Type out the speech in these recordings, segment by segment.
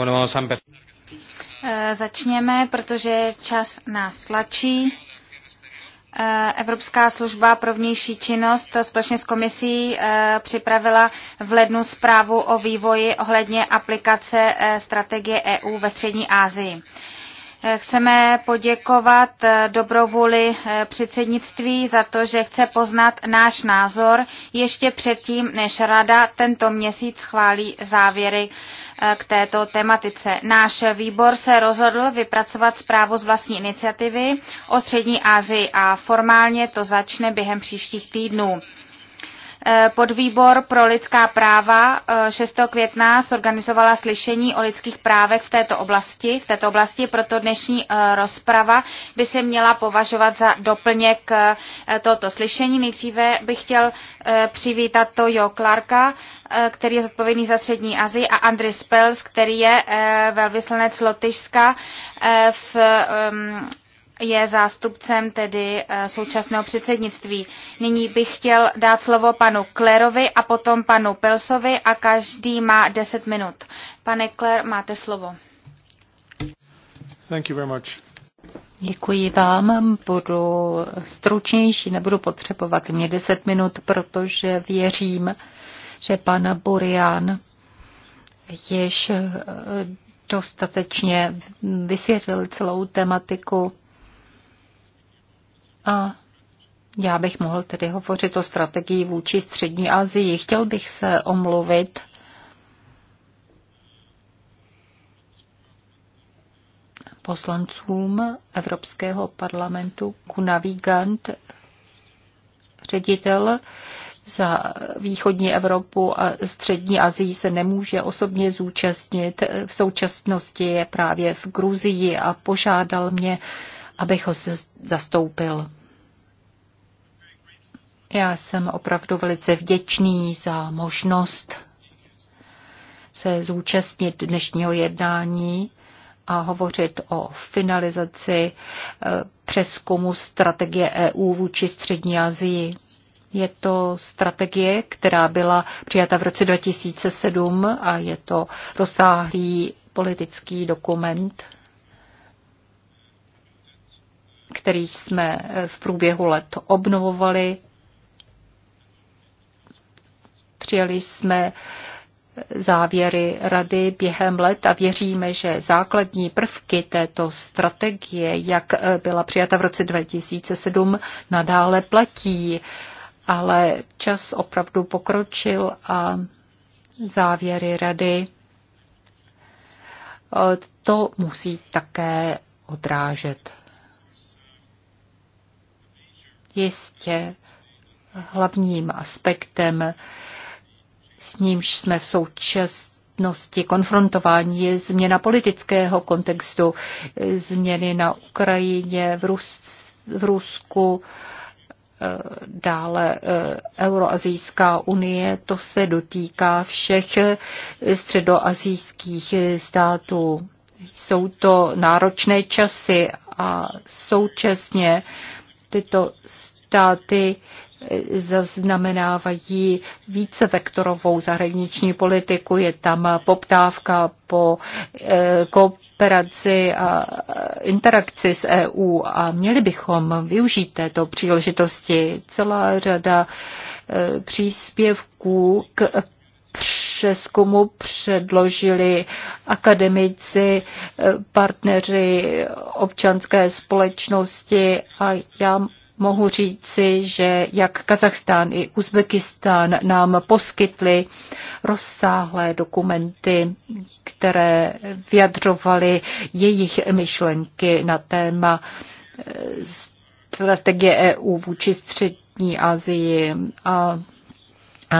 Bueno, vamos a empezar. Eh, začněme, protože čas nás tlačí. Eh, Evropská služba pro vnější činnost společně s komisí eh, připravila v lednu zprávu o vývoji ohledně aplikace strategie EU ve střední Asii. Chceme poděkovat dobrovůli předsednictví za to, že chce poznat náš názor ještě předtím, než Rada tento měsíc schválí závěry k této tematice. Náš výbor se rozhodl vypracovat zprávu z vlastní iniciativy o Střední Asii a formálně to začne během příštích týdnů. Eh, podvýbor pro lidská práva 6. Eh, května zorganizovala slyšení o lidských právech v této oblasti. V této oblasti proto dnešní eh, rozprava by se měla považovat za doplněk tohoto slyšení. Nejdříve bych chtěl přivítat Jo Clarka, který je zodpovědný za Střední Azii, a Andris Spels, který je velvyslanec Lotyšska v je zástupcem tedy eh, současného předsednictví. Nyní bych chtěl dát slovo panu Klerovi a potom panu Pelsovi a každý má 10 minut. Pane Kler, máte slovo. Thank you very much. Děkuji vám, budu stručnější, nebudu potřebovat mě 10 minut, protože věřím, že pan Burian již eh, dostatečně vysvětlil celou tematiku a já bych mohl tedy hovořit o strategii vůči Střední Asii. Chtěl bych se omluvit poslancům Evropského parlamentu Kunavi Gant, ředitel za východní Evropu a střední Asii, se nemůže osobně zúčastnit. V současnosti je právě v Gruzii a požádal mě, abych ho zastoupil. Já jsem opravdu velice vděčný za možnost se zúčastnit dnešního jednání a hovořit o finalizaci eh, přeskumu strategie EU vůči Střední Asii. Je to strategie, která byla přijata v roce 2007 a je to rozsáhlý politický dokument který jsme eh, v průběhu let obnovovali. Přijali jsme eh, závěry rady během let a věříme, že základní prvky této strategie, jak eh, byla přijata v roce 2007, nadále platí. Ale čas opravdu pokročil a závěry rady to musí také odrážet Jistě hlavním aspektem, s nímž jsme v současnosti konfrontováni, je změna politického kontextu, změny na Ukrajině, v, Rus, v Rusku, eh, dále eh, Euroazijská unie, to se dotýká všech eh, středoazijských států. Jsou to náročné časy a současně tyto státy eh, zaznamenávají více vektorovou zahraniční politiku. Je tam poptávka po eh, kooperaci a eh, interakci s EU a měli bychom využít této příležitosti. Celá řada příspěvků k přeskumu předložili akademici, eh, partneři občanské společnosti a já mohu říci, že jak Kazachstán i Uzbekistán nám poskytli rozsáhlé dokumenty, které vyjadřovaly jejich myšlenky na téma eh, strategie EU vůči střední Asii a E,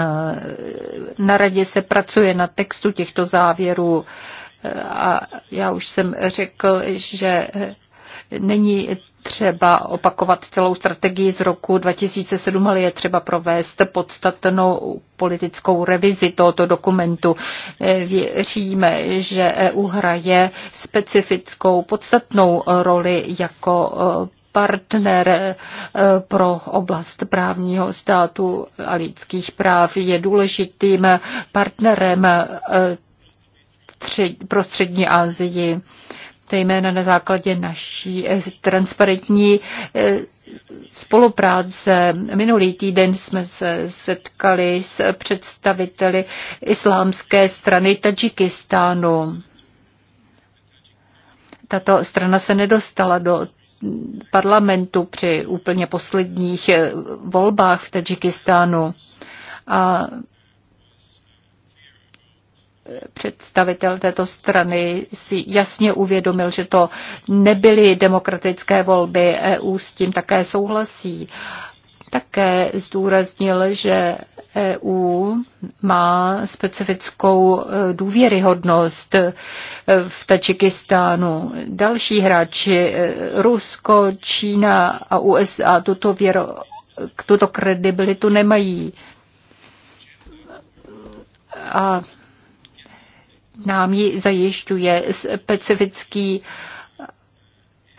na radě se pracuje na textu těchto závěrů e, a já už jsem řekl, že e, není třeba opakovat celou strategii z roku 2007, ale je třeba provést podstatnou politickou revizi tohoto dokumentu. Věříme, že EU hraje specifickou podstatnou roli jako partner eh, pro oblast právního státu a lidských práv. Je důležitým partnerem eh, pro střední Asii, zejména na základě naší eh, transparentní spolupráce. Minulý týden jsme se setkali s představiteli islámské strany Tadžikistánu. Tato strana se nedostala do parlamentu při úplně posledních eh, volbách v Tadžikistánu. A eh, představitel této strany si jasně uvědomil, že to nebyly demokratické volby. EU s tím také souhlasí. Uh, také zdůraznil, že EU má specifickou e, důvěryhodnost e, v Tačikistánu. Další hráči, e, Rusko, Čína a USA, tuto, věro, tuto kredibilitu nemají. A nám ji zajišťuje specifický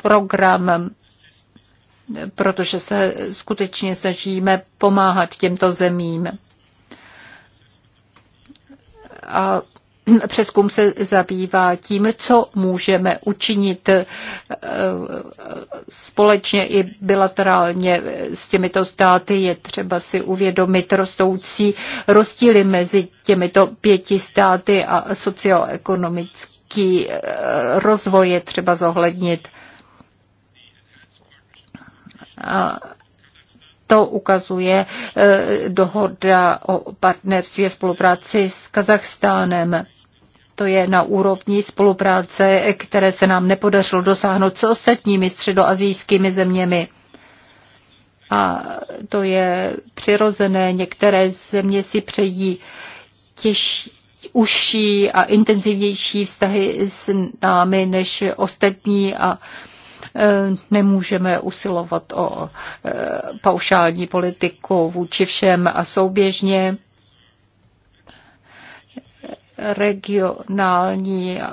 program protože se skutečně snažíme pomáhat těmto zemím. A přeskum se zabývá tím, co můžeme učinit eh, společně i bilaterálně s těmito státy. Je třeba si uvědomit rostoucí rozdíly mezi těmito pěti státy a socioekonomický eh, rozvoj je třeba zohlednit to ukazuje e, dohoda o partnerství a spolupráci s Kazachstánem to je na úrovni spolupráce, které se nám nepodařilo dosáhnout s ostatními středoazijskými zeměmi. A to je přirozené. Některé země si přejí těžší užší a intenzivnější vztahy s námi než ostatní a Eh, nemůžeme usilovat o eh, paušální politiku vůči všem a souběžně regionální eh,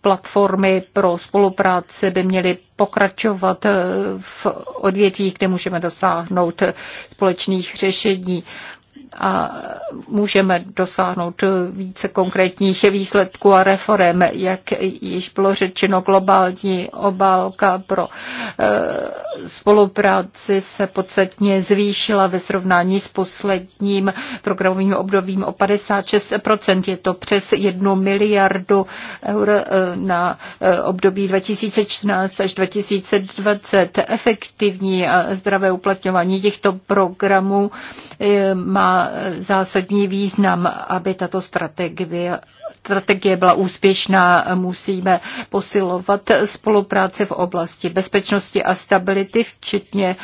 platformy pro spolupráci by měly pokračovat v odvětvích, kde můžeme dosáhnout společných řešení a můžeme dosáhnout více konkrétních výsledků a reform, jak již bylo řečeno, globální obálka pro eh, spolupráci se podstatně zvýšila ve srovnání s posledním programovým obdobím o 56%. Je to přes 1 miliardu eur eh, na eh, období 2014 až 2020. Efektivní a zdravé uplatňování těchto programů má zásadní význam, aby tato strategie strategie byla úspěšná, musíme posilovat spolupráci v oblasti bezpečnosti a stability, včetně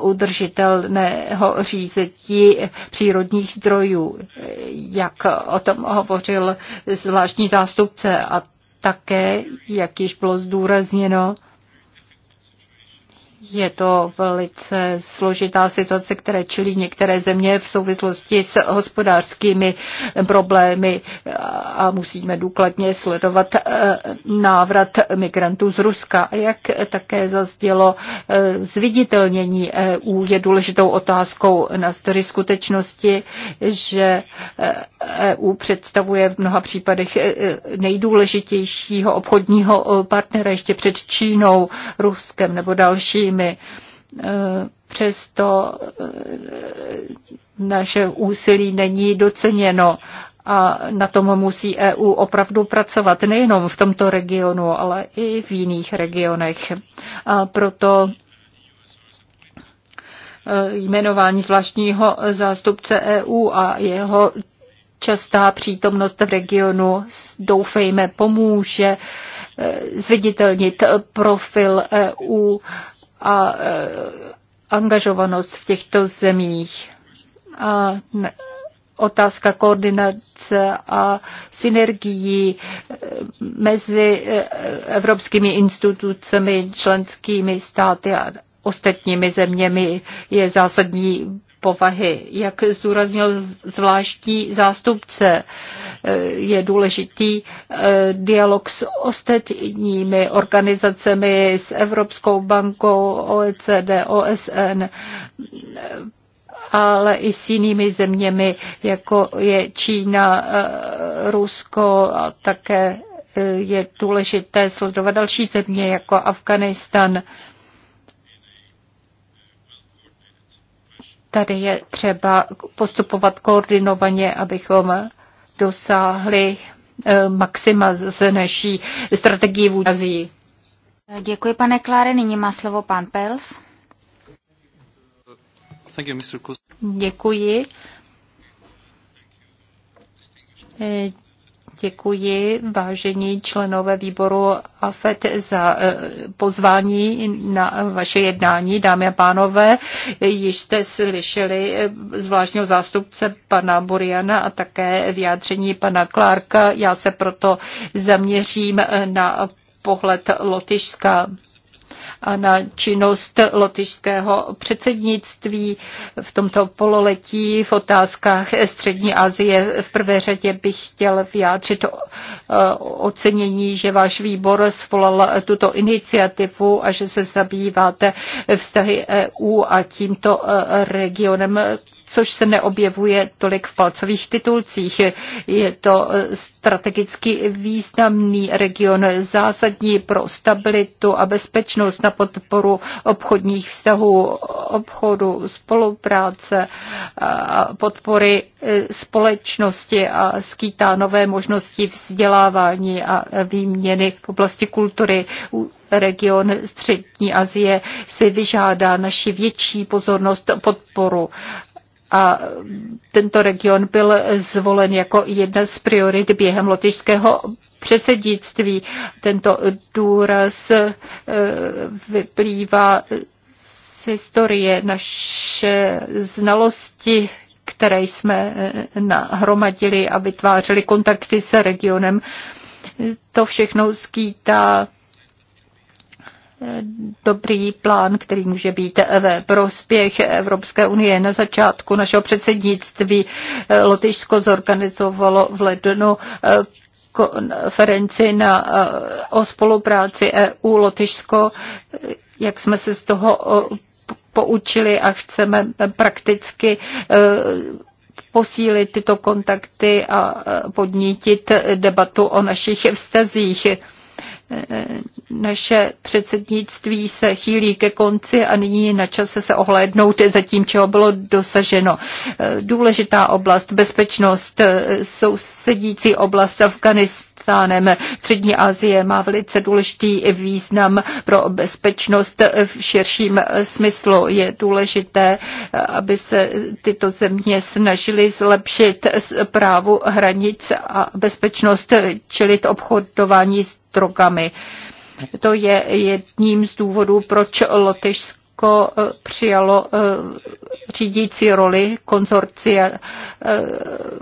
udržitelného řízení přírodních zdrojů, jak o tom hovořil zvláštní zástupce a také, jak již bylo zdůrazněno, je to velice složitá situace, které čelí některé země v souvislosti s hospodářskými problémy a musíme důkladně sledovat eh, návrat migrantů z Ruska. A jak také zazdělo, eh, zviditelnění EU je důležitou otázkou na story skutečnosti, že EU eh, e představuje v mnoha případech nejdůležitějšího obchodního partnera ještě před Čínou, Ruskem nebo dalším zájmy. E, přesto e, naše úsilí není doceněno a na tom musí EU opravdu pracovat nejenom v tomto regionu, ale i v jiných regionech. A proto e, jmenování zvláštního zástupce EU a jeho častá přítomnost v regionu, doufejme, pomůže zviditelnit profil EU a e, angažovanost v těchto zemích. A otázka koordinace a synergií e, mezi e, evropskými institucemi, členskými státy a ostatními zeměmi je zásadní povahy. Jak zdůraznil zvláštní zástupce, eh, je důležitý eh, dialog s ostatními organizacemi, s Evropskou bankou, OECD, OSN, ale i s jinými zeměmi, jako je Čína, eh, Rusko a také je důležité sledovat další země jako Afganistan. Tady je třeba postupovat koordinovaně, abychom dosáhli eh, maxima z naší strategii v Azii. Děkuji, pane Kláre. Nyní má slovo pan Pels. Děkuji. Eh, Děkuji vážení členové výboru AFET za eh, pozvání na vaše jednání. Dámy a pánové, již jste slyšeli eh, zvláštního zástupce pana Buriana a také vyjádření pana Klárka. Já se proto zaměřím eh, na pohled Lotyšska na činnost lotyšského předsednictví v tomto pololetí v otázkách Střední Asie. V prvé řadě bych chtěl vyjádřit eh, ocenění, že váš výbor svolal tuto iniciativu a že se zabýváte vztahy EU a tímto eh, regionem což se neobjevuje tolik v palcových titulcích. Je to strategicky významný region, zásadní pro stabilitu a bezpečnost na podporu obchodních vztahů, obchodu, spolupráce, podpory společnosti a skýtá nové možnosti vzdělávání a výměny v oblasti kultury region Střední Asie si vyžádá naši větší pozornost, podporu a tento region byl zvolen jako jedna z priorit během lotyšského předsednictví. Tento důraz e, vyplývá z historie naše znalosti které jsme e, nahromadili a vytvářeli kontakty se regionem. To všechno skýtá dobrý plán, který může být ve prospěch Evropské unie. Na začátku našeho předsednictví eh, Lotyšsko zorganizovalo v lednu eh, konferenci na, eh, o spolupráci EU Lotyšsko, jak jsme se z toho poučili a chceme prakticky posílit tyto kontakty a podnítit debatu o našich vztazích. Naše předsednictví se chýlí ke konci a nyní na čase se ohlédnout za tím, čeho bylo dosaženo. Důležitá oblast, bezpečnost, sousedící oblast Afganistánu, Afganistánem. Střední Asie má velice důležitý význam pro bezpečnost v širším smyslu. Je důležité, aby se tyto země snažily zlepšit právu hranic a bezpečnost, čelit obchodování s drogami. To je jedním z důvodů, proč Lotyšsko eh, přijalo eh, řídící roli konzorcia eh,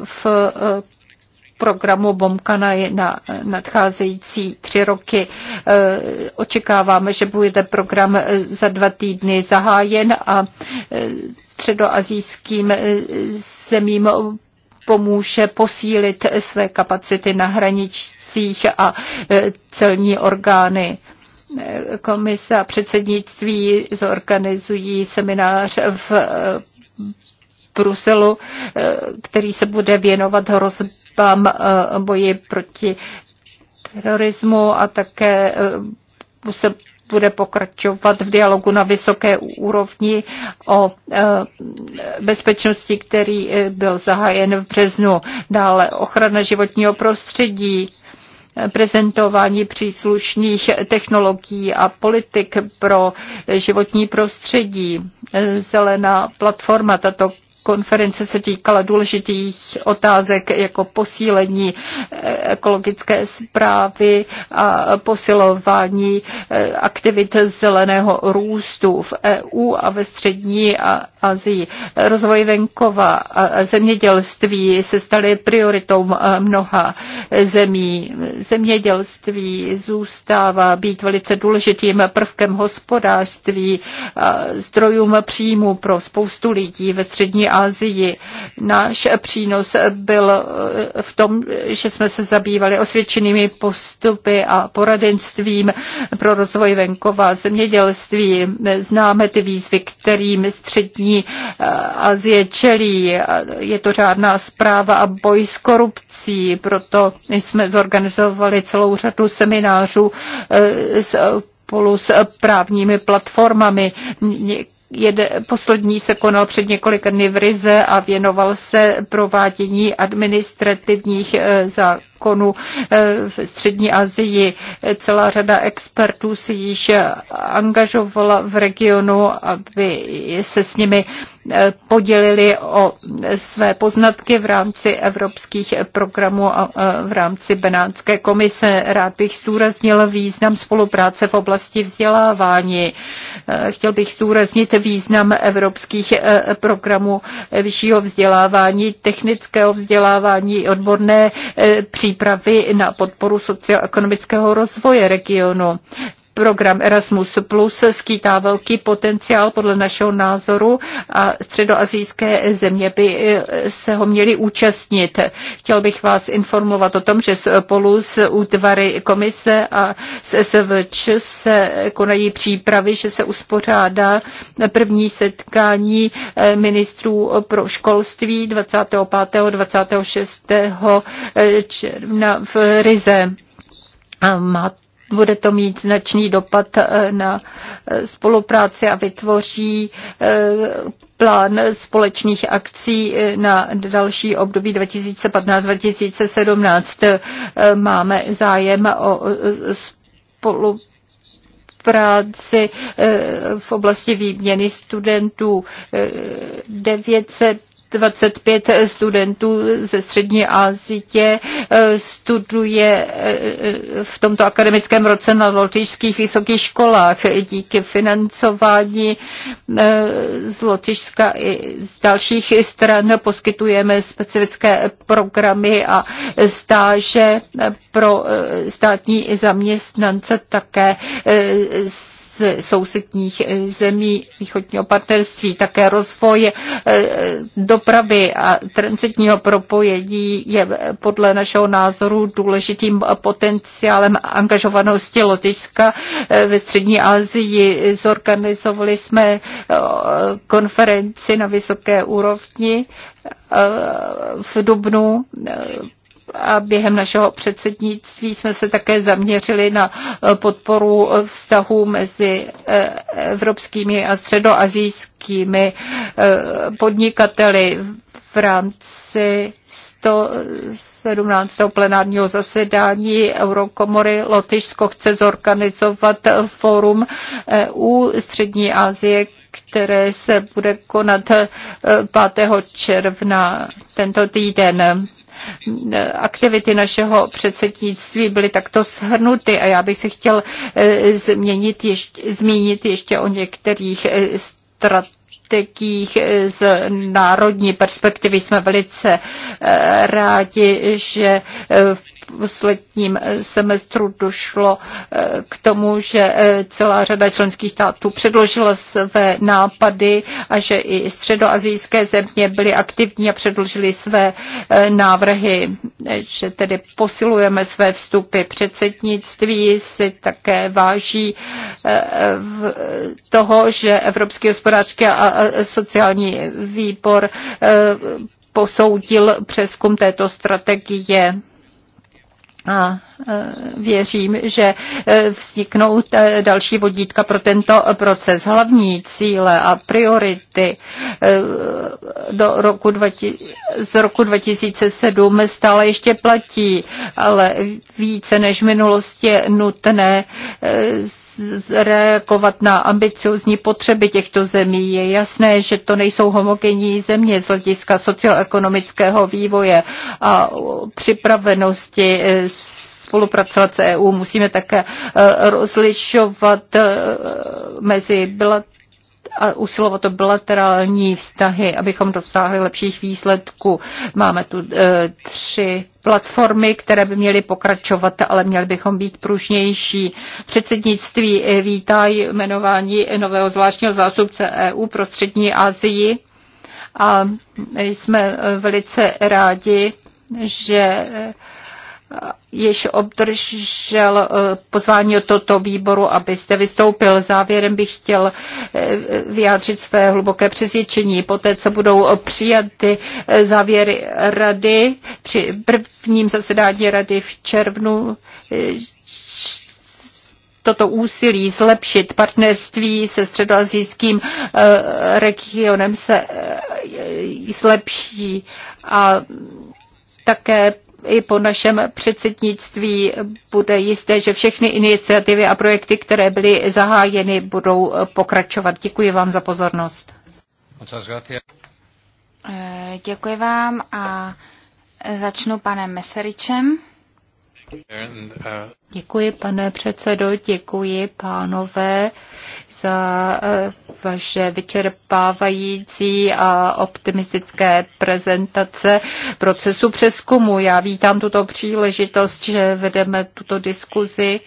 v programu Bomkana je na nadcházející tři roky. Očekáváme, že bude program za dva týdny zahájen a středoazijským zemím pomůže posílit své kapacity na hranici celnících a e, celní orgány e, komise a předsednictví zorganizují seminář v e, Bruselu, který se bude věnovat hrozbám boji proti terorismu a také se bude pokračovat v dialogu na vysoké úrovni o bezpečnosti, který byl zahájen v březnu. Dále ochrana životního prostředí, prezentování příslušných technologií a politik pro životní prostředí. Zelená platforma, tato konference se týkala důležitých otázek jako posílení eh, ekologické zprávy a posilování eh, aktivit zeleného růstu v EU a ve střední Asii. Rozvoj venkova a zemědělství se staly prioritou eh, mnoha zemí. Zemědělství zůstává být velice důležitým prvkem hospodářství, zdrojům příjmu pro spoustu lidí ve střední Asii. Náš přínos byl eh, v tom, že jsme se zabývali osvědčenými postupy a poradenstvím pro rozvoj venkova, zemědělství. Známe ty výzvy, kterým střední eh, Asie čelí. Je to řádná zpráva a boj s korupcí, proto jsme zorganizovali celou řadu seminářů eh, s spolu s právními platformami jede, poslední se konal před několika dny v Rize a věnoval se provádění administrativních eh, zákonů eh, v Střední Asii. Celá řada expertů se již angažovala v regionu, aby se s nimi podělili o své poznatky v rámci evropských programů a v rámci Benátské komise. Rád bych zdůraznil význam spolupráce v oblasti vzdělávání. E, chtěl bych zdůraznit význam evropských e, programů vyššího vzdělávání, technického vzdělávání, odborné e, přípravy na podporu socioekonomického rozvoje regionu. Program Erasmus Plus skýtá velký potenciál podle našeho názoru a středoazijské země by eh, se ho měly účastnit. Chtěl bych vás informovat o tom, že spolu s útvary komise a s SVČ se konají přípravy, že se uspořádá první setkání eh, ministrů pro školství 25. 26. Eh, června v Rize. Má bude to mít značný dopad eh, na eh, spolupráci a vytvoří eh, plán společných akcí na další období 2015-2017. Máme zájem o spolupráci práci v oblasti výměny studentů 900 25 studentů ze střední Asie eh, studuje eh, v tomto akademickém roce na lotyšských vysokých školách díky financování eh, z Lotyšska i z dalších stran poskytujeme specifické programy a stáže pro státní zaměstnance také z sousedních eh, zemí východního partnerství, také rozvoj eh, dopravy a transitního propojení je eh, podle našeho názoru důležitým potenciálem angažovanosti Lotyšska ve střední Asii. Zorganizovali jsme konferenci na vysoké úrovni v Dubnu a během našeho předsednictví jsme se také zaměřili na eh, podporu eh, vztahů mezi eh, evropskými a středoazijskými podnikateli v rámci 117. plenárního zasedání Eurokomory Lotyšsko chce zorganizovat fórum EU Střední Asie, které se bude konat 5. června tento týden aktivity našeho předsednictví byly takto shrnuty a já bych se chtěl eh, změnit ještě, zmínit ještě o některých eh, strategiích eh, z národní perspektivy jsme velice rádi, že v posledním semestru došlo eh, k tomu, že eh, celá řada členských států předložila své nápady a že i středoazijské země byly aktivní a předložili své eh, návrhy, že tedy posilujeme své vstupy. Předsednictví si také váží toho, že Evropský hospodářský a sociální výbor posoudil přeskum této strategie a e, věřím, že e, vzniknou e, další vodítka pro tento proces. Hlavní cíle a priority do roku 20, z roku 2007 stále ještě platí, ale více než v minulosti je nutné reagovat na ambiciozní potřeby těchto zemí. Je jasné, že to nejsou homogenní země z hlediska socioekonomického vývoje a připravenosti spolupracovat s EU, musíme také e, rozlišovat e, mezi a usilovat o bilaterální vztahy, abychom dosáhli lepších výsledků. Máme tu e, tři platformy, které by měly pokračovat, ale měli bychom být pružnější. Předsednictví vítá jmenování nového zvláštního zástupce EU pro střední Asii a jsme velice rádi, že již obdržel eh, pozvání od toto výboru, abyste vystoupil. Závěrem bych chtěl eh, vyjádřit své hluboké přesvědčení. Poté, co budou přijaty eh, závěry rady při prvním zasedání rady v červnu, toto úsilí zlepšit partnerství se středoazijským regionem se zlepší a také i po našem předsednictví bude jisté, že všechny iniciativy a projekty, které byly zahájeny, budou pokračovat. Děkuji vám za pozornost. Eh, děkuji vám a začnu panem Meseričem. Uh, děkuji, pane předsedo, děkuji pánové za eh, vaše vyčerpávající a optimistické prezentace procesu přeskumu. Já vítám tuto příležitost, že vedeme tuto diskuzi.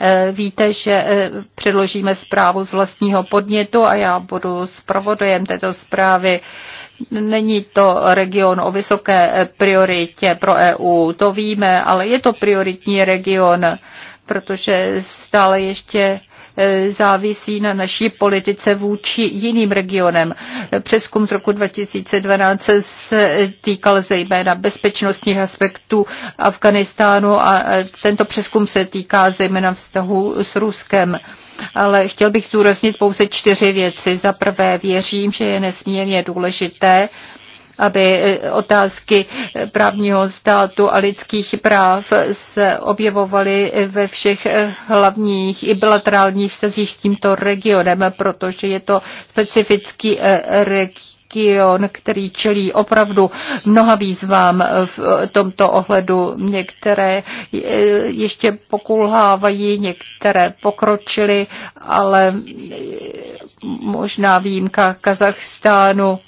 Eh, víte, že eh, předložíme zprávu z vlastního podnětu a já budu zpravodajem této zprávy. Není to region o vysoké eh, prioritě pro EU, to víme, ale je to prioritní region, protože stále ještě E, závisí na naší politice vůči jiným regionem. Přeskum z roku 2012 se týkal zejména bezpečnostních aspektů Afganistánu a tento přeskum se týká zejména vztahu s Ruskem ale chtěl bych zúraznit pouze čtyři věci. Za prvé věřím, že je nesmírně důležité, aby eh, otázky eh, právního státu a lidských práv se objevovaly ve všech eh, hlavních i bilaterálních sezích s tímto regionem, protože je to specifický region region, který čelí opravdu mnoha výzvám v tomto ohledu. Některé ještě pokulhávají, některé pokročily, ale možná výjimka Kazachstánu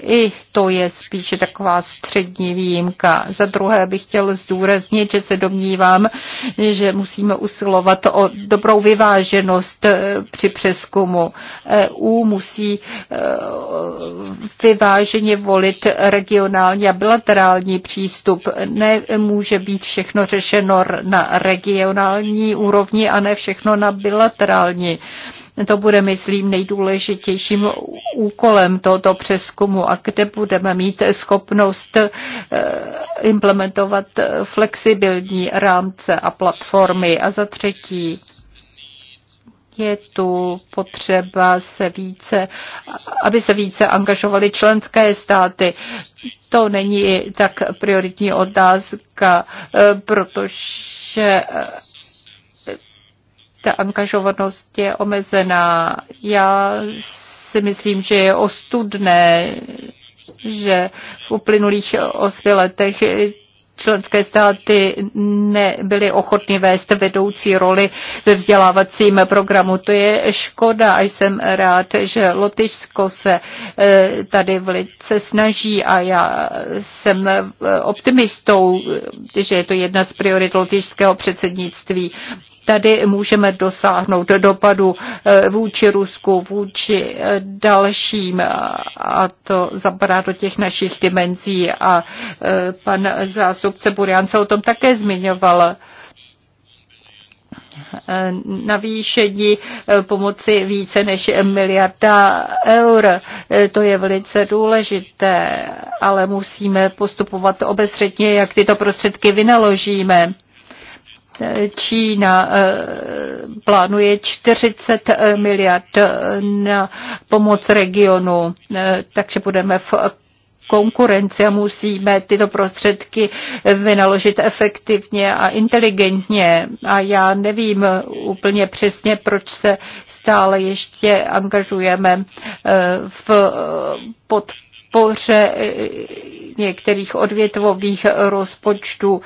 i to je spíše taková střední výjimka. Za druhé bych chtěl zdůraznit, že se domnívám, že musíme usilovat o dobrou vyváženost eh, při přeskumu. EU musí eh, vyváženě volit regionální a bilaterální přístup. Nemůže být všechno řešeno na regionální úrovni a ne všechno na bilaterální. To bude, myslím, nejdůležitějším úkolem tohoto přeskumu a kde budeme mít schopnost eh, implementovat flexibilní rámce a platformy. A za třetí, je tu potřeba se více, aby se více angažovaly členské státy. To není tak prioritní otázka, eh, protože eh, ta angažovanost je omezená. Já si myslím, že je ostudné, že v uplynulých osmi letech členské státy nebyly ochotny vést vedoucí roli ve vzdělávacím programu. To je škoda a jsem rád, že Lotyšsko se eh, tady velice snaží a já jsem eh, optimistou, že je to jedna z priorit lotyšského předsednictví. Tady můžeme dosáhnout dopadu eh, vůči Rusku, vůči eh, dalším a to zapadá do těch našich dimenzí a eh, pan zástupce Burian se o tom také zmiňoval navýšení pomoci více než miliarda eur. To je velice důležité, ale musíme postupovat obezřetně, jak tyto prostředky vynaložíme. Čína eh, plánuje 40 eh, miliard eh, na pomoc regionu, takže budeme v konkurenci a musíme tyto prostředky vynaložit efektivně a inteligentně. A já nevím úplně přesně, proč se stále ještě angažujeme v podpoře některých odvětvových rozpočtů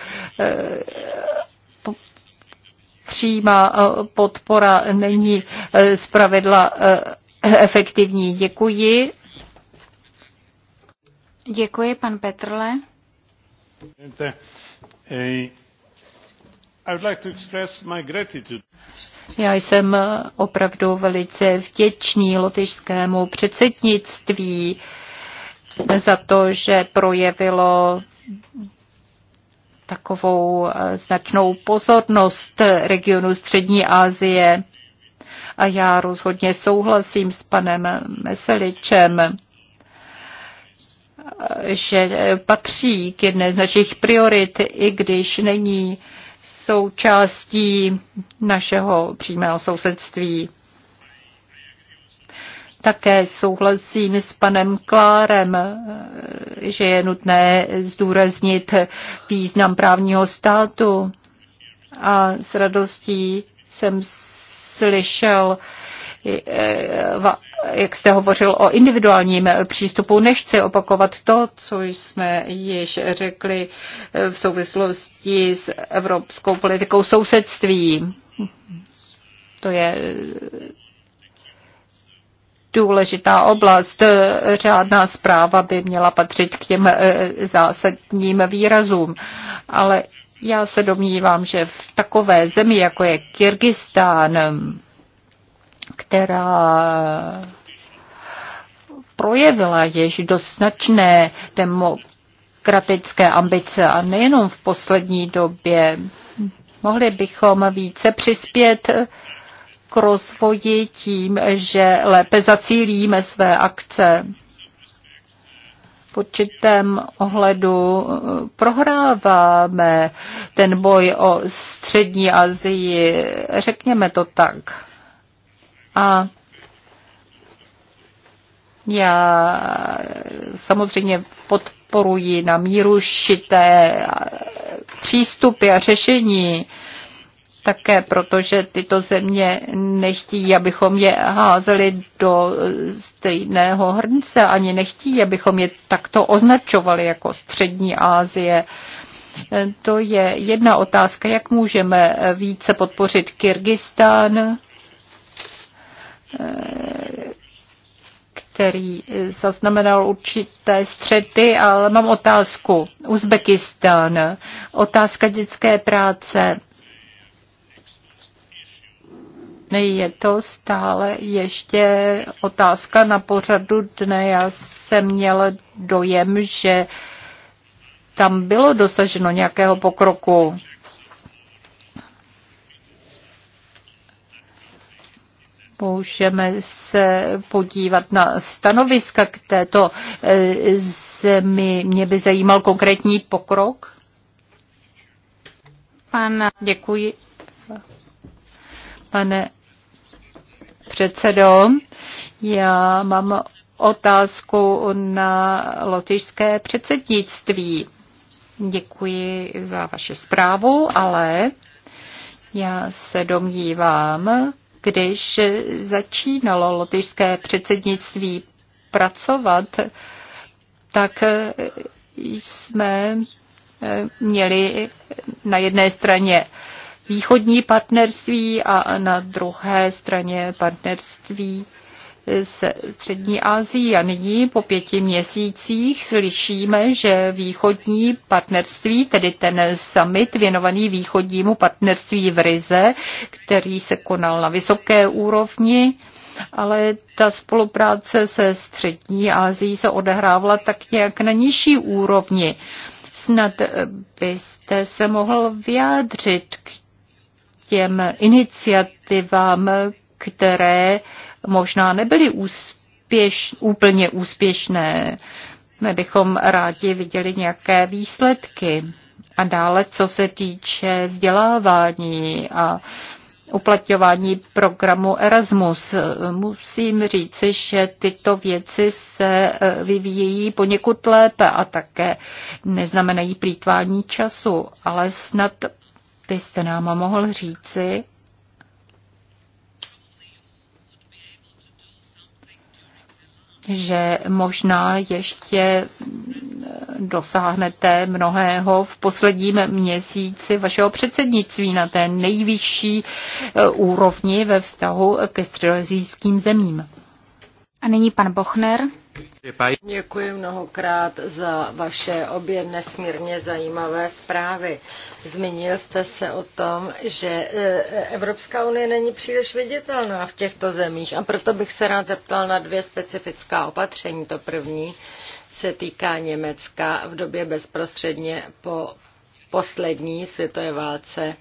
přímá eh, podpora není eh, zpravidla eh, efektivní. Děkuji. Děkuji, pan Petrle. Já jsem opravdu velice vděčný lotyšskému předsednictví za to, že projevilo takovou eh, značnou pozornost regionu Střední Asie. A já rozhodně souhlasím s panem Meseličem, eh, že patří k jedné z našich priorit, i když není součástí našeho přímého sousedství. Také souhlasím s panem Klárem, že je nutné zdůraznit význam právního státu. A s radostí jsem slyšel, jak jste hovořil o individuálním přístupu, nechci opakovat to, co jsme již řekli v souvislosti s evropskou politikou sousedství. To je důležitá oblast. E, řádná zpráva by měla patřit k těm e, zásadním výrazům, ale já se domnívám, že v takové zemi, jako je Kyrgyzstán, která projevila již do značné demokratické ambice a nejenom v poslední době. Mohli bychom více přispět k rozvoji tím, že lépe zacílíme své akce. V určitém ohledu eh, prohráváme ten boj o střední Azii, řekněme to tak. A já eh, samozřejmě podporuji na míru šité eh, přístupy a řešení také proto, že tyto země nechtí, abychom je házeli do stejného hrnce, ani nechtí, abychom je takto označovali jako střední Asie. To je jedna otázka, jak můžeme více podpořit Kyrgyzstán, který zaznamenal určité střety, ale mám otázku. Uzbekistán, otázka dětské práce je to stále ještě otázka na pořadu dne. Já jsem měl dojem, že tam bylo dosaženo nějakého pokroku. Můžeme se podívat na stanoviska k této e, zemi. Mě by zajímal konkrétní pokrok. Pan, děkuji. Pane předsedo, já mám otázku na lotyšské předsednictví. Děkuji za vaši zprávu, ale já se domnívám, když začínalo lotyšské předsednictví pracovat, tak jsme měli na jedné straně východní partnerství a na druhé straně partnerství se Střední Asií. A nyní po pěti měsících slyšíme, že východní partnerství, tedy ten summit věnovaný východnímu partnerství v Rize, který se konal na vysoké úrovni, ale ta spolupráce se Střední Asií se odehrávala tak nějak na nižší úrovni. Snad byste se mohl vyjádřit k těm iniciativám, které možná nebyly úspěš, úplně úspěšné. My bychom rádi viděli nějaké výsledky. A dále, co se týče vzdělávání a uplatňování programu Erasmus. Musím říci, že tyto věci se eh, vyvíjejí poněkud lépe a také neznamenají plítvání času, ale snad byste nám mohl říci, že možná ještě dosáhnete mnohého v posledním měsíci vašeho předsednictví na té nejvyšší eh, úrovni ve vztahu ke středozijským zemím. A nyní pan Bochner. Děkuji mnohokrát za vaše obě nesmírně zajímavé zprávy. Zmínil jste se o tom, že e, Evropská unie není příliš viditelná v těchto zemích a proto bych se rád zeptal na dvě specifická opatření. To první se týká Německa v době bezprostředně po poslední světové válce,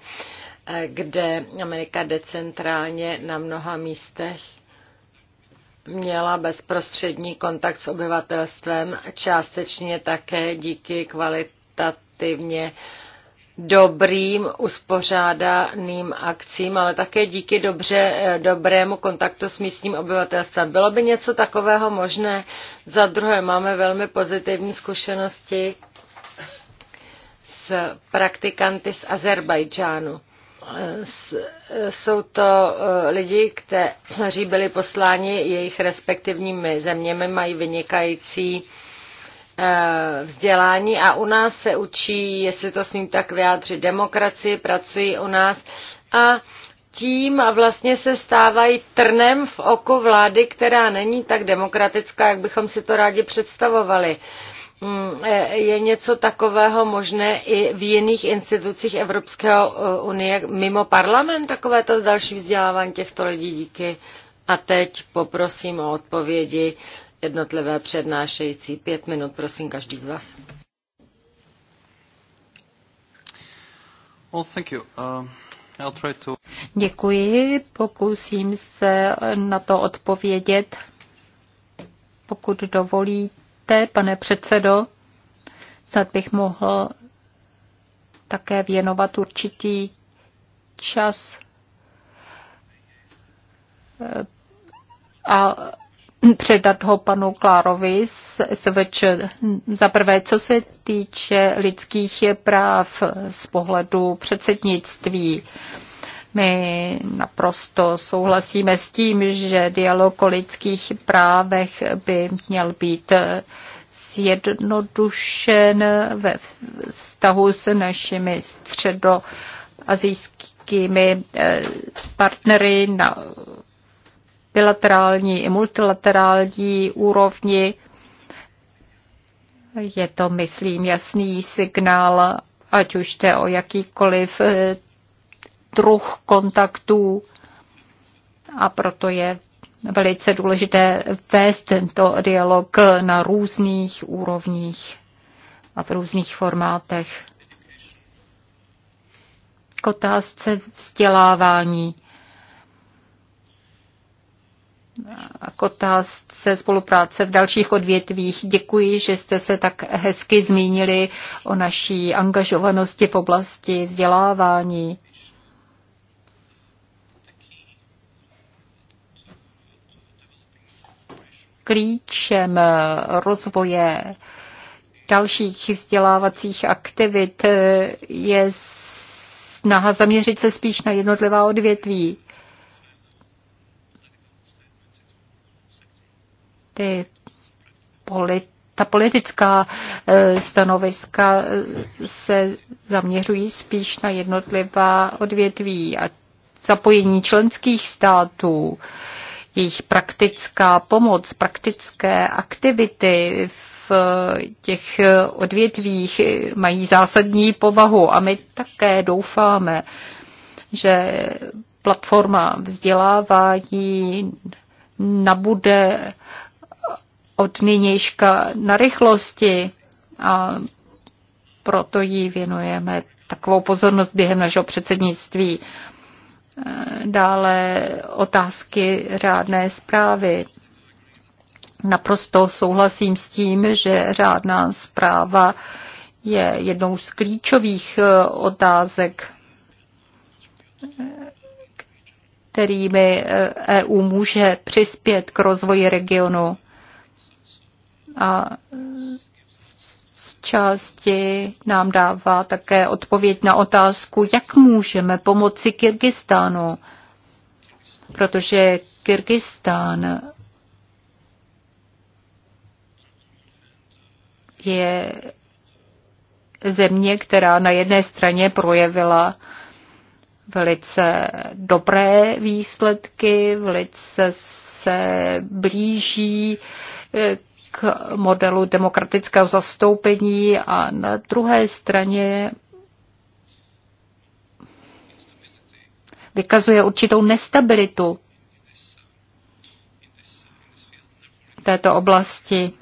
e, kde Amerika decentrálně na mnoha místech měla bezprostřední kontakt s obyvatelstvem, částečně také díky kvalitativně dobrým uspořádaným akcím, ale také díky dobře, dobrému kontaktu s místním obyvatelstvem. Bylo by něco takového možné? Za druhé, máme velmi pozitivní zkušenosti s praktikanty z Azerbajdžánu. Eh, jsou to eh, lidi, kteří byli posláni jejich respektivními zeměmi, mají vynikající eh, vzdělání a u nás se učí, jestli to smím tak vyjádřit, demokracii, pracují u nás a tím vlastně se stávají trnem v oku vlády, která není tak demokratická, jak bychom si to rádi představovali. Mm, e, je něco takového možné i v jiných institucích Evropské unie mimo parlament, takovéto další vzdělávání těchto lidí díky. A teď poprosím o odpovědi jednotlivé přednášející. Pět minut, prosím, každý z vás. Well, thank you. Uh... To... Děkuji, pokusím se na to odpovědět, pokud dovolíte dovolíte, pane předsedo, snad bych mohl také věnovat určitý čas eh, a předat ho panu Klárovi z SVČ. Za prvé, co se týče lidských práv z pohledu předsednictví, my naprosto souhlasíme s tím, že dialog o lidských právech by měl být zjednodušen ve vztahu s našimi středoazijskými eh, partnery na bilaterální i multilaterální úrovni. Je to, myslím, jasný signál, ať už jde o jakýkoliv eh, druh kontaktů a proto je velice důležité vést tento dialog na různých úrovních a v různých formátech. K otázce vzdělávání a k otázce spolupráce v dalších odvětvích. Děkuji, že jste se tak hezky zmínili o naší angažovanosti v oblasti vzdělávání. klíčem rozvoje dalších vzdělávacích aktivit je snaha zaměřit se spíš na jednotlivá odvětví. Ty polit, ta politická eh, stanoviska eh, se zaměřují spíš na jednotlivá odvětví a zapojení členských států jejich praktická pomoc, praktické aktivity v těch odvětvích mají zásadní povahu a my také doufáme, že platforma vzdělávání nabude od nynějška na rychlosti a proto jí věnujeme takovou pozornost během našeho předsednictví. Dále otázky řádné zprávy. Naprosto souhlasím s tím, že řádná zpráva je jednou z klíčových eh, otázek, kterými EU eh, e může přispět k rozvoji regionu. A z části nám dává také odpověď na otázku, jak můžeme pomoci Kyrgyzstánu, protože Kyrgyzstán je země, která na jedné straně projevila velice dobré výsledky, velice se blíží eh, k modelu demokratického zastoupení a na druhé straně vykazuje určitou nestabilitu této oblasti.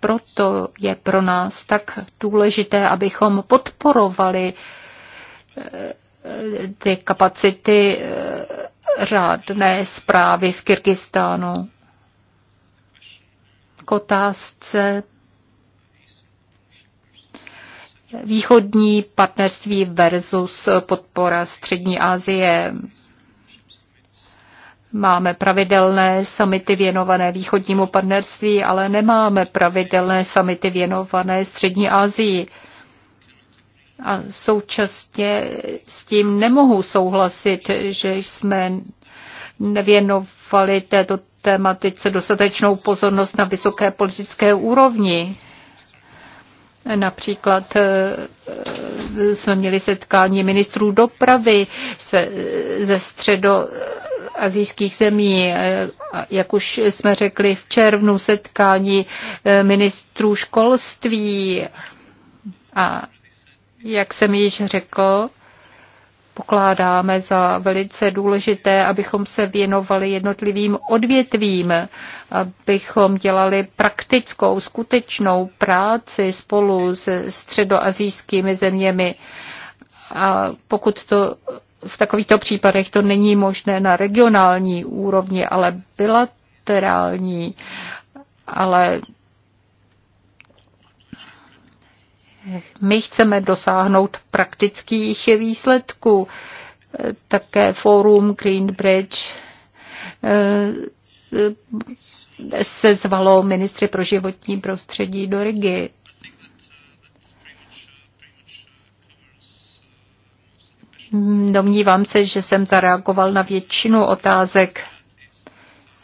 Proto je pro nás tak důležité, abychom podporovali eh, ty kapacity eh, řádné zprávy v Kyrgyzstánu k otázce východní partnerství versus podpora střední Asie. Máme pravidelné samity věnované východnímu partnerství, ale nemáme pravidelné samity věnované střední Asii. A současně s tím nemohu souhlasit, že jsme nevěnovali této tématice dostatečnou pozornost na vysoké politické úrovni. Například eh, eh, jsme měli setkání ministrů dopravy ze středo azijských zemí, eh, jak už jsme řekli v červnu, setkání ministrů školství a jak jsem již řekl, pokládáme za velice důležité, abychom se věnovali jednotlivým odvětvím, abychom dělali praktickou, skutečnou práci spolu s středoazijskými zeměmi. A pokud to v takovýchto případech to není možné na regionální úrovni, ale bilaterální, ale My chceme dosáhnout praktických výsledků. Také fórum Greenbridge eh, se zvalo ministry pro životní prostředí do Rigi. Domnívám se, že jsem zareagoval na většinu otázek.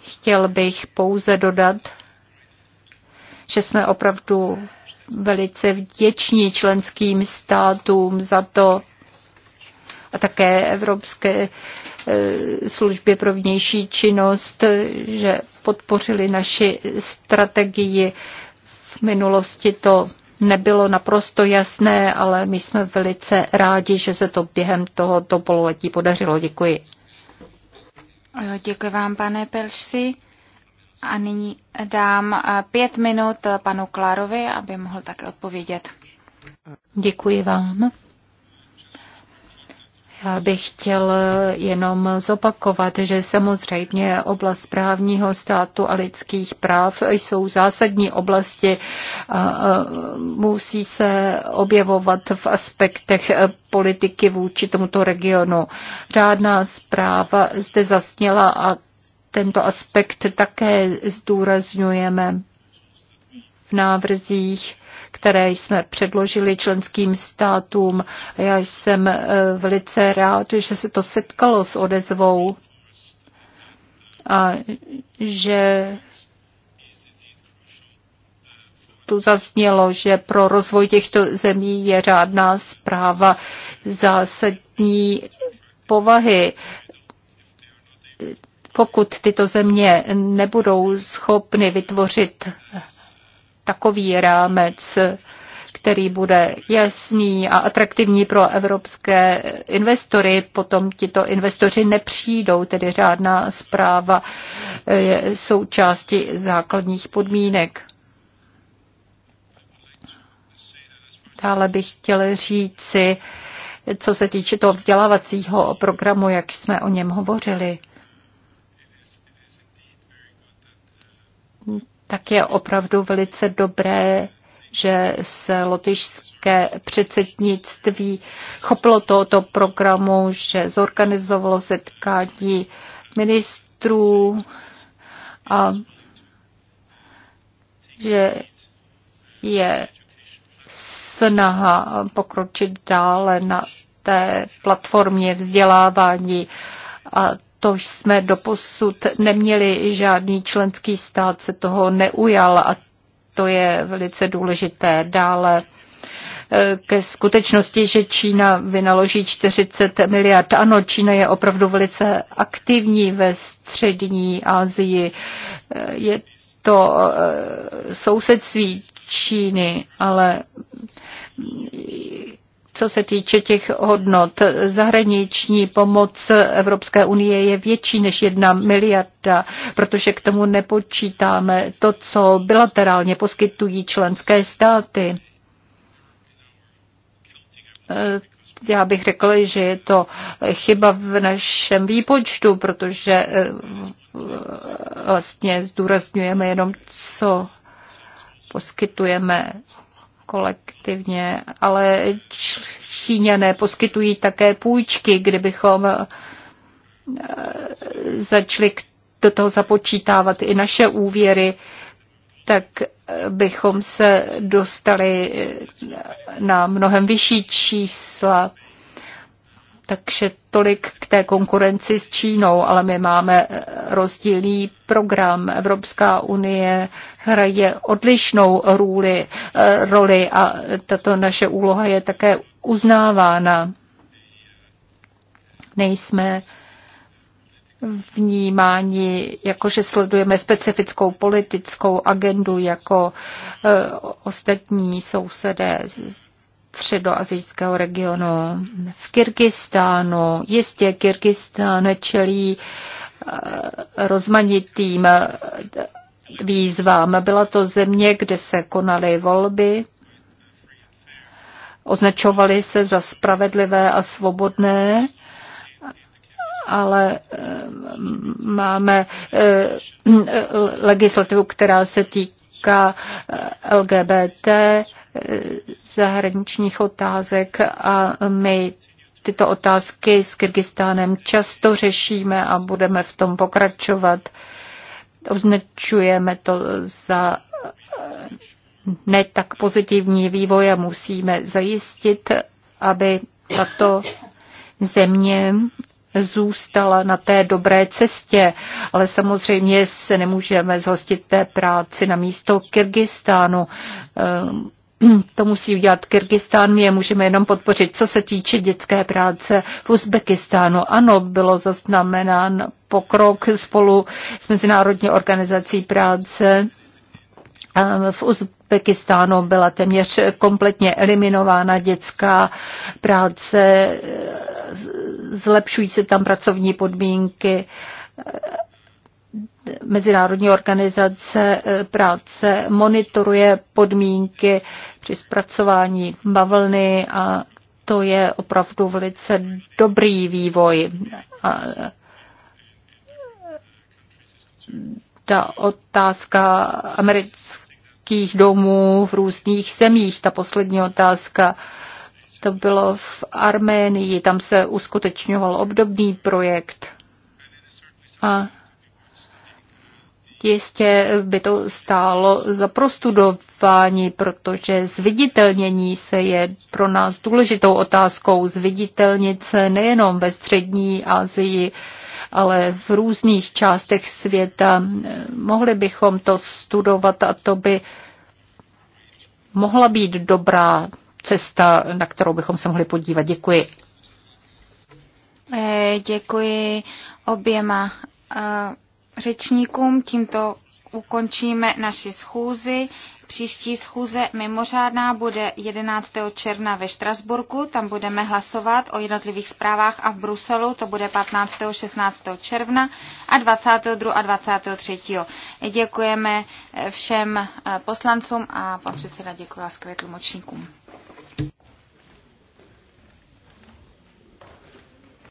Chtěl bych pouze dodat, že jsme opravdu velice vděční členským státům za to a také Evropské e, službě pro vnější činnost, že podpořili naši strategii. V minulosti to nebylo naprosto jasné, ale my jsme velice rádi, že se to během tohoto pololetí podařilo. Děkuji. Děkuji vám, pane Pelši. A nyní dám eh, pět minut eh, panu Klarovi, aby mohl také odpovědět. Děkuji vám. Já bych chtěl eh, jenom zopakovat, že samozřejmě oblast právního státu a lidských práv jsou zásadní oblasti. A musí se objevovat v aspektech politiky vůči tomuto regionu. Řádná zpráva zde zasněla a tento aspekt také zdůrazňujeme v návrzích, které jsme předložili členským státům. Já jsem eh, velice rád, že se to setkalo s odezvou a že tu zaznělo, že pro rozvoj těchto zemí je řádná zpráva zásadní povahy pokud tyto země nebudou schopny vytvořit takový rámec, který bude jasný a atraktivní pro evropské investory, potom tito investoři nepřijdou, tedy řádná zpráva je součástí základních podmínek. Dále bych chtěl říci, co se týče toho vzdělávacího programu, jak jsme o něm hovořili. tak je opravdu velice dobré, že se lotyšské předsednictví chopilo tohoto programu, že zorganizovalo setkání ministrů a že je snaha pokročit dále na té platformě vzdělávání a to jsme doposud neměli, žádný členský stát se toho neujal a to je velice důležité. Dále eh, ke skutečnosti, že Čína vynaloží 40 miliard. Ano, Čína je opravdu velice aktivní ve střední Asii. Eh, je to eh, sousedství Číny, ale co se týče těch hodnot, zahraniční pomoc Evropské unie je větší než jedna miliarda, protože k tomu nepočítáme to, co bilaterálně poskytují členské státy eh, já bych řekl, že je to chyba v našem výpočtu, protože eh, vlastně zdůrazňujeme jenom, co poskytujeme kolektivně, ale Číňané poskytují také půjčky, kdybychom eh, začali do toho započítávat i naše úvěry, tak eh, bychom se dostali eh, na mnohem vyšší čísla. Takže tolik k té konkurenci s Čínou, ale my máme eh, rozdílný program. Evropská unie hraje odlišnou růli, eh, roli a tato naše úloha je také uznávána. Nejsme vnímání, jakože sledujeme specifickou politickou agendu jako e, ostatní sousedé středoazijského regionu, v Kyrgyzstánu. Jistě Kyrgyzstán čelí eh, rozmanitým eh, výzvám. Byla to země, kde se konaly volby, označovaly se za spravedlivé a svobodné, ale eh, máme legislativu, která se týká LGBT, zahraničních otázek a my tyto otázky s Kyrgyzstánem často řešíme a budeme v tom pokračovat. Označujeme to za eh, ne tak pozitivní vývoj a musíme zajistit, aby tato země zůstala na té dobré cestě, ale samozřejmě se nemůžeme zhostit té práci na místo Kyrgyzstánu. Eh, to musí udělat Kyrgyzstán, my je můžeme jenom podpořit. Co se týče dětské práce v Uzbekistánu, ano, bylo zaznamenán pokrok spolu s Mezinárodní organizací práce v Uzbekistánu byla téměř kompletně eliminována dětská práce, zlepšují se tam pracovní podmínky Mezinárodní organizace eh, práce monitoruje podmínky při zpracování bavlny a to je opravdu velice dobrý vývoj. A eh, ta otázka amerických domů v různých zemích, ta poslední otázka, to bylo v Arménii, tam se uskutečňoval obdobný projekt. A Jistě by to stálo za prostudování, protože zviditelnění se je pro nás důležitou otázkou. Zviditelnit se nejenom ve střední Asii, ale v různých částech světa. Mohli bychom to studovat a to by mohla být dobrá cesta, na kterou bychom se mohli podívat. Děkuji. Eh, děkuji oběma eh, řečníkům. Tímto ukončíme naši schůzi. Příští schůze mimořádná bude 11. června ve Štrasburku, tam budeme hlasovat o jednotlivých zprávách a v Bruselu to bude 15. 16. června a 22. a 23. Děkujeme všem poslancům a pan předseda děkuji vás k